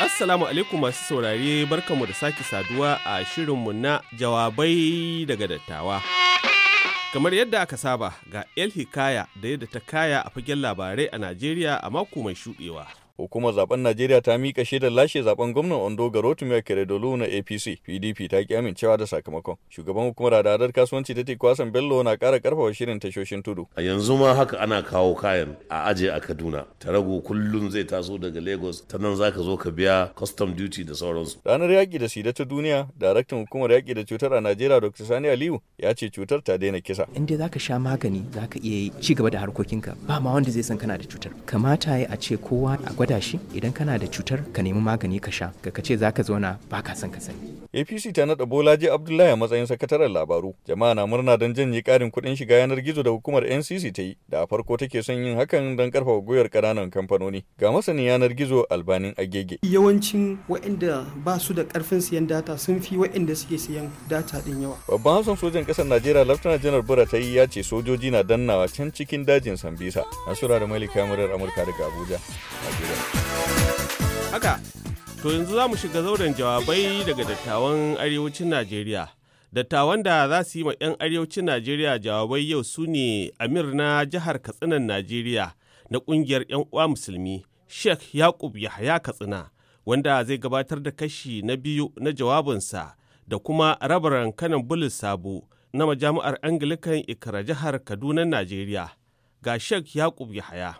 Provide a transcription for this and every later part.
Assalamu alaikum masu saurare barkamu da sake saduwa a shirinmu na jawabai daga dattawa. Kamar yadda aka saba ga El Hikaya da yadda ta kaya a fagen labarai a Najeriya a mako mai shuɗewa. Hukumar zaben Najeriya ta mika shaidar lashe zaben gwamnan Ondo ga Rotimi Akeredolu na APC. PDP ta ki amincewa da sakamakon. Shugaban hukumar hadadar kasuwanci ta Kwasan Bello na kara karfafa shirin tashoshin tudu. A yanzu ma haka ana kawo kayan a aje a Kaduna. Ta rago kullum zai taso daga Lagos ta nan zaka zo ka biya custom duty da sauransu. Ranar yaƙi da sida ta duniya, daraktan hukumar yaƙi da cutar a Najeriya Dr. Sani Aliyu ya ce cutar ta daina kisa. In dai zaka sha magani zaka iya ci gaba da harkokinka ba ma wanda zai san kana da cutar. Kamata ya a ce kowa a gwada shi idan kana da cutar ka nemi magani ka sha ka ce za ka zauna ba ka son ka sani APC ta naɗa Bolaji Abdullahi a matsayin sakataren labaru. Jama'a na murna don janye karin kuɗin shiga yanar gizo da hukumar NCC ta yi, da a farko take son yin hakan don ƙarfafa gwiwar ƙananan kamfanoni. Ga masanin yanar gizo albanin agege. Yawancin waɗanda ba su da ƙarfin siyan data sun fi waɗanda suke siyan data ɗin yawa. Babban hassan sojan ƙasar Najeriya Laftana Janar Bura ta yi ya ce sojoji na dannawa can cikin dajin Sambisa. Nasura da Malika Murar Amurka daga Abuja. Haka. To yanzu za mu shiga zauren jawabai daga dattawan arewacin Najeriya. Dattawan da za su yi ma 'yan arewacin Najeriya jawabai yau su ne Amir na jihar Katsinan Najeriya na ƙungiyar 'yan uwa musulmi Sheikh Yakub Yahaya Katsina wanda zai gabatar da kashi na biyu na jawabinsa da kuma rabaran kanan bulus sabu na majami'ar Anglican Ikra jihar Kaduna Najeriya. Ga Sheikh Yakub Yahaya.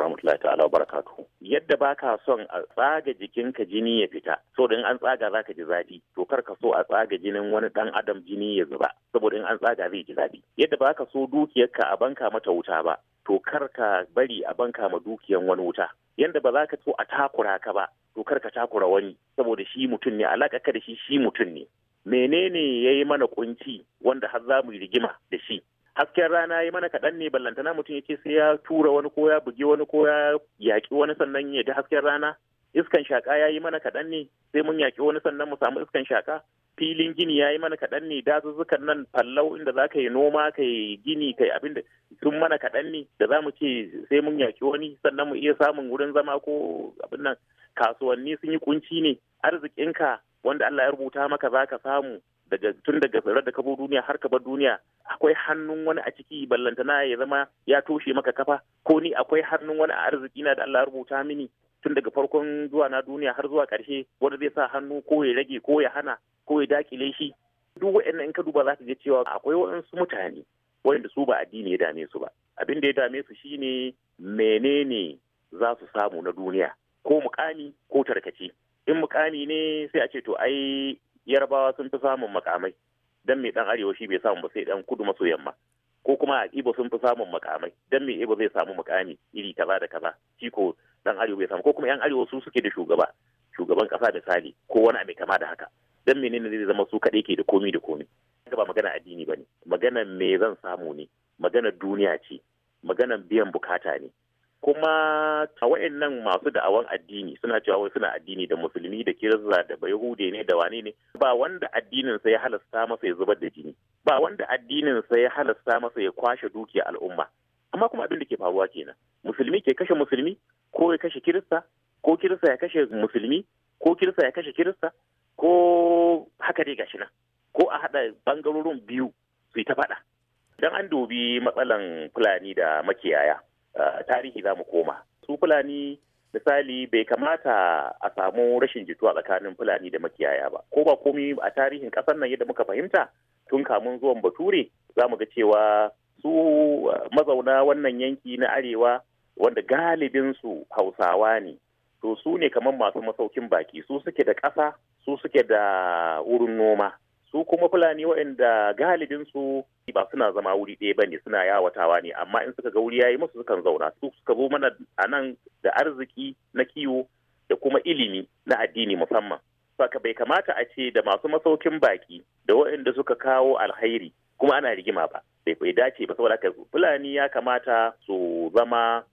warahmatullahi ta'ala wa barakatuhu yadda baka son a tsaga jikinka jini ya fita so in an tsaga zaka ji zafi to kar ka so a tsaga jinin wani dan adam jini ya zuba saboda in an tsaga zai ji zafi yadda baka so dukiyarka a banka mata wuta ba to kar ka bari a banka ma dukiyar wani wuta yadda ba za ka so a takura ka ba to kar ka takura wani saboda shi mutum ne alaka ka da shi shi mutum ne menene ya yi mana kunci wanda har za mu yi rigima da shi hasken rana ya mana kaɗan ne ballantana mutum ya ce sai ya tura wani ko ya bugi wani ko ya yaƙi wani sannan ya ji hasken rana iskan shaƙa ya yi mana kaɗan ne sai mun yaƙi wani sannan mu samu iskan shaƙa filin gini ya yi mana kaɗan ne dazuzzukan nan fallau inda za ka yi noma ka yi gini ka yi abin sun mana kaɗan ne da za mu ce sai mun yaƙi wani sannan mu iya samun wurin zama ko abin nan kasuwanni sun yi kunci ne arzikinka wanda Allah ya rubuta maka za ka samu daga tun daga tsirrar da kabo duniya har kaba duniya akwai hannun wani a ciki ballantana ya zama ya toshe maka kafa ko ni akwai hannun wani a arziki na da Allah rubuta mini tun daga farkon zuwa na duniya har zuwa karshe wanda zai sa hannu ko ya rage ko ya hana ko ya dakile shi duk waɗannan in ka duba za ka ga cewa akwai waɗansu mutane wanda su ba addini ya dame su ba abin da ya dame su shine menene za su samu na duniya ko mukami ko tarkace in mukami ne sai a ce to ai yarbawa sun fi samun makamai dan me dan arewa shi bai samu ba sai dan kudu maso yamma ko kuma a ibo sun fi samun makamai dan me ibo zai samu makami iri kaza da kaza shi ko dan arewa bai samu ko kuma yan arewa su suke da shugaba shugaban kasa misali ko wani abu kama da haka dan ne zai zama su kaɗai ke da komi da komi ba magana addini bane magana me zan samu ne magana duniya ce maganan biyan bukata ne kuma a wa'annan masu da'awan addini suna cewa wai suna addini da musulmi da kirista da yahude ne da wane ne ba wanda addinin sai ya halasta masa ya zubar da jini ba wanda addinin sai ya halasta masa ya kwashe dukiya al'umma amma kuma abin da ke faruwa kenan musulmi ke kashe musulmi ko ya kashe kirista ko kirista ya kashe musulmi ko kirista ya kashe kirista ko haka dai gashi nan ko a haɗa bangarorin biyu su yi ta faɗa dan an dubi matsalan fulani da makiyaya tarihi za mu koma su fulani misali bai kamata a samu rashin jituwa tsakanin fulani da makiyaya ba ko ba komi a tarihin ƙasar nan yadda muka fahimta tun kamun zuwan bature za mu ga cewa su uh, mazauna wannan yanki na arewa wanda galibinsu hausawa ne to su ne kamar masu masaukin baki su suke da ƙasa su suke da wurin noma su kuma fulani waɗanda galibin su ba suna zama wuri ɗaya bane suna yawatawa ne amma in suka ga wuri yayi musu sukan zauna su suka zo mana a nan da arziki na kiwo da kuma ilimi na addini musamman saka bai kamata a ce da masu masaukin baki da waɗanda suka kawo alhairi kuma ana rigima ba bai bai dace ba saboda haka fulani ya kamata su zama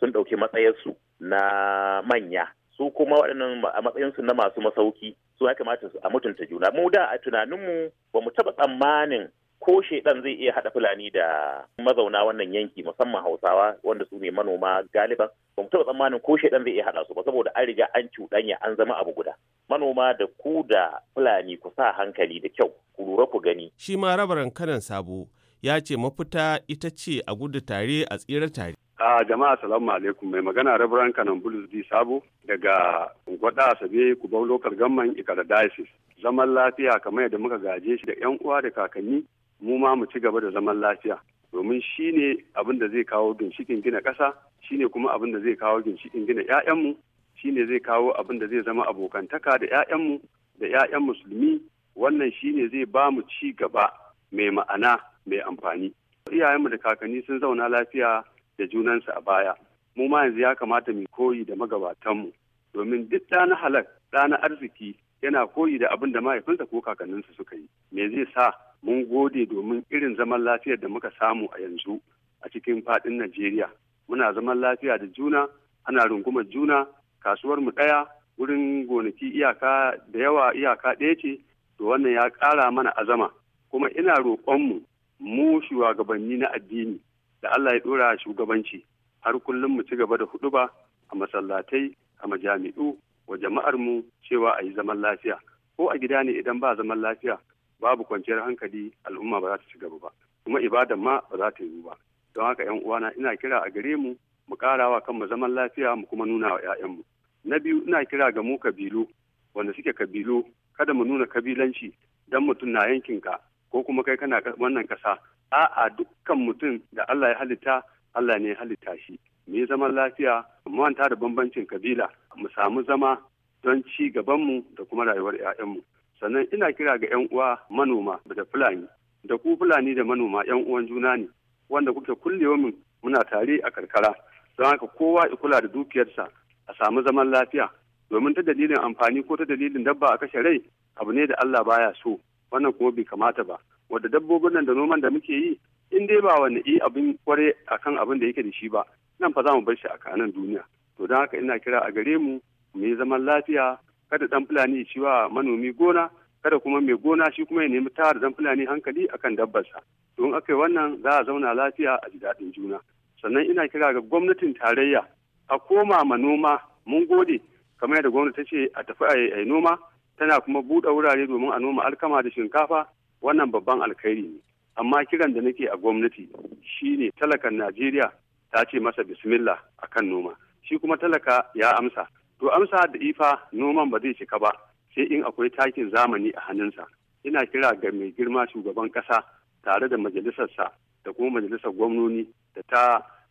sun ɗauki matsayarsu na manya su kuma waɗannan a matsayinsu na masu masauki su ya kamata a mutunta juna mu da a tunaninmu ba mu taɓa tsammanin ko shaidan zai iya haɗa fulani da mazauna wannan yanki musamman hausawa wanda su ne manoma galiban ba mu taɓa tsammanin ko shaidan zai iya haɗa su ba saboda an riga an cuɗanya an zama abu guda manoma da ku da fulani ku sa hankali da kyau ku lura ku gani shi ma rabaran kanan sabo ya ce mafita ita ce a gudu tare a tsira tare A jama'a salamu alaikum mai magana Reverend Kanan Bulus di Sabo daga Gwada Asabe Kubau lokal Gamman ikada Diocese. Zaman lafiya kamar yadda muka gaje shi da 'yan uwa da kakanni mu ma mu ci gaba da zaman lafiya. Domin shi ne abin da zai kawo ginshikin gina ƙasa, shi ne kuma abin da zai kawo ginshikin gina 'ya'yanmu, shi ne zai kawo abin da zai zama abokantaka da 'ya'yanmu da 'ya'yan musulmi wannan shi ne zai ba mu ci gaba mai ma'ana mai amfani. Iyayenmu da kakanni sun zauna lafiya da junansa a baya mu ma yanzu ya kamata mu koyi da magabatanmu domin duk ɗana na halak ɗa arziki yana koyi da abin da mahaifinsa ko kakanninsa suka yi me zai sa mun gode domin irin zaman lafiyar da muka samu a yanzu a cikin faɗin najeriya muna zaman lafiya da juna ana rungumar juna kasuwar mu ɗaya wurin gonaki iyaka da yawa iyaka ɗaya ce to wannan ya ƙara mana azama kuma ina roƙonmu mu shugabanni na addini da Allah ya dora shugabanci har kullum mu ci gaba da huduba a masallatai a majami'u wa jama'ar mu cewa a yi zaman lafiya ko a gida ne idan ba zaman lafiya babu kwanciyar hankali al'umma ba za ta ci gaba ba kuma ibadan ma ba za ta yi ba don haka yan uwana ina kira a gare mu mu karawa kanmu zaman lafiya mu kuma nuna wa 'ya'yanmu na biyu ina kira ga mu kabilu wanda suke kabilu kada mu nuna kabilanci dan mutum na yankinka ko kuma kai kana wannan kasa a'a dukkan mutum da Allah ya halitta Allah ne ya halitta shi mu yi zaman lafiya mu manta da bambancin kabila mu samu zama don ci gabanmu da kuma rayuwar 'ya'yanmu sannan ina kira ga 'yan uwa manoma da fulani da ku fulani da manoma 'yan uwan juna ne wanda kuke kullewa min muna tare a karkara don haka kowa ya kula da dukiyarsa a samu zaman lafiya domin ta dalilin amfani ko ta dalilin dabba a kashe rai abu ne da Allah baya so wannan kuma bai kamata ba wadda dabbobin nan da noman da muke yi in dai ba wani yi abin kware a kan abin da yake da shi ba nan fa za mu bar shi a kanan duniya to don haka ina kira a gare mu mu yi zaman lafiya kada dan fulani shi wa manomi gona kada kuma mai gona shi kuma ya nemi tawar dan fulani hankali akan dabbarsa don aka yi wannan za a zauna lafiya a ji daɗin juna sannan ina kira ga gwamnatin tarayya a koma ma noma mun gode kamar yadda gwamnati ta ce a tafi a yi noma tana kuma buɗe wurare domin a noma alkama da shinkafa wannan babban alkhairi ne amma kiran da nake a gwamnati shine talakan najeriya ta ce masa bismillah a kan noma shi kuma talaka ya amsa to amsa da ifa noman ba zai cika ba sai in akwai takin zamani a hannunsa ina kira ga mai girma shugaban kasa tare da majalisarsa da kuma majalisar gwamnoni da ta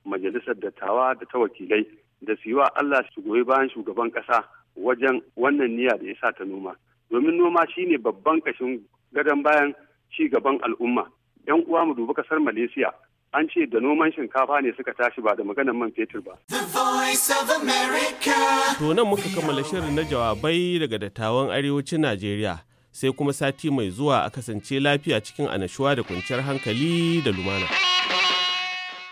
majalisar dattawa da ta wakilai da su yi wa Allah su goyi bayan shugaban kasa wajen wannan niyya da ya sa ta noma domin noma shine babban kashin gadon bayan ci gaban al'umma yan uwa mu dubi kasar malaysia an ce da noman shinkafa ne suka tashi ba da maganar man fetur ba. To nan muka kammala shirin na jawabai daga dattawan arewacin Najeriya sai kuma sati mai zuwa a kasance lafiya cikin anashuwa da kwanciyar hankali da lumana.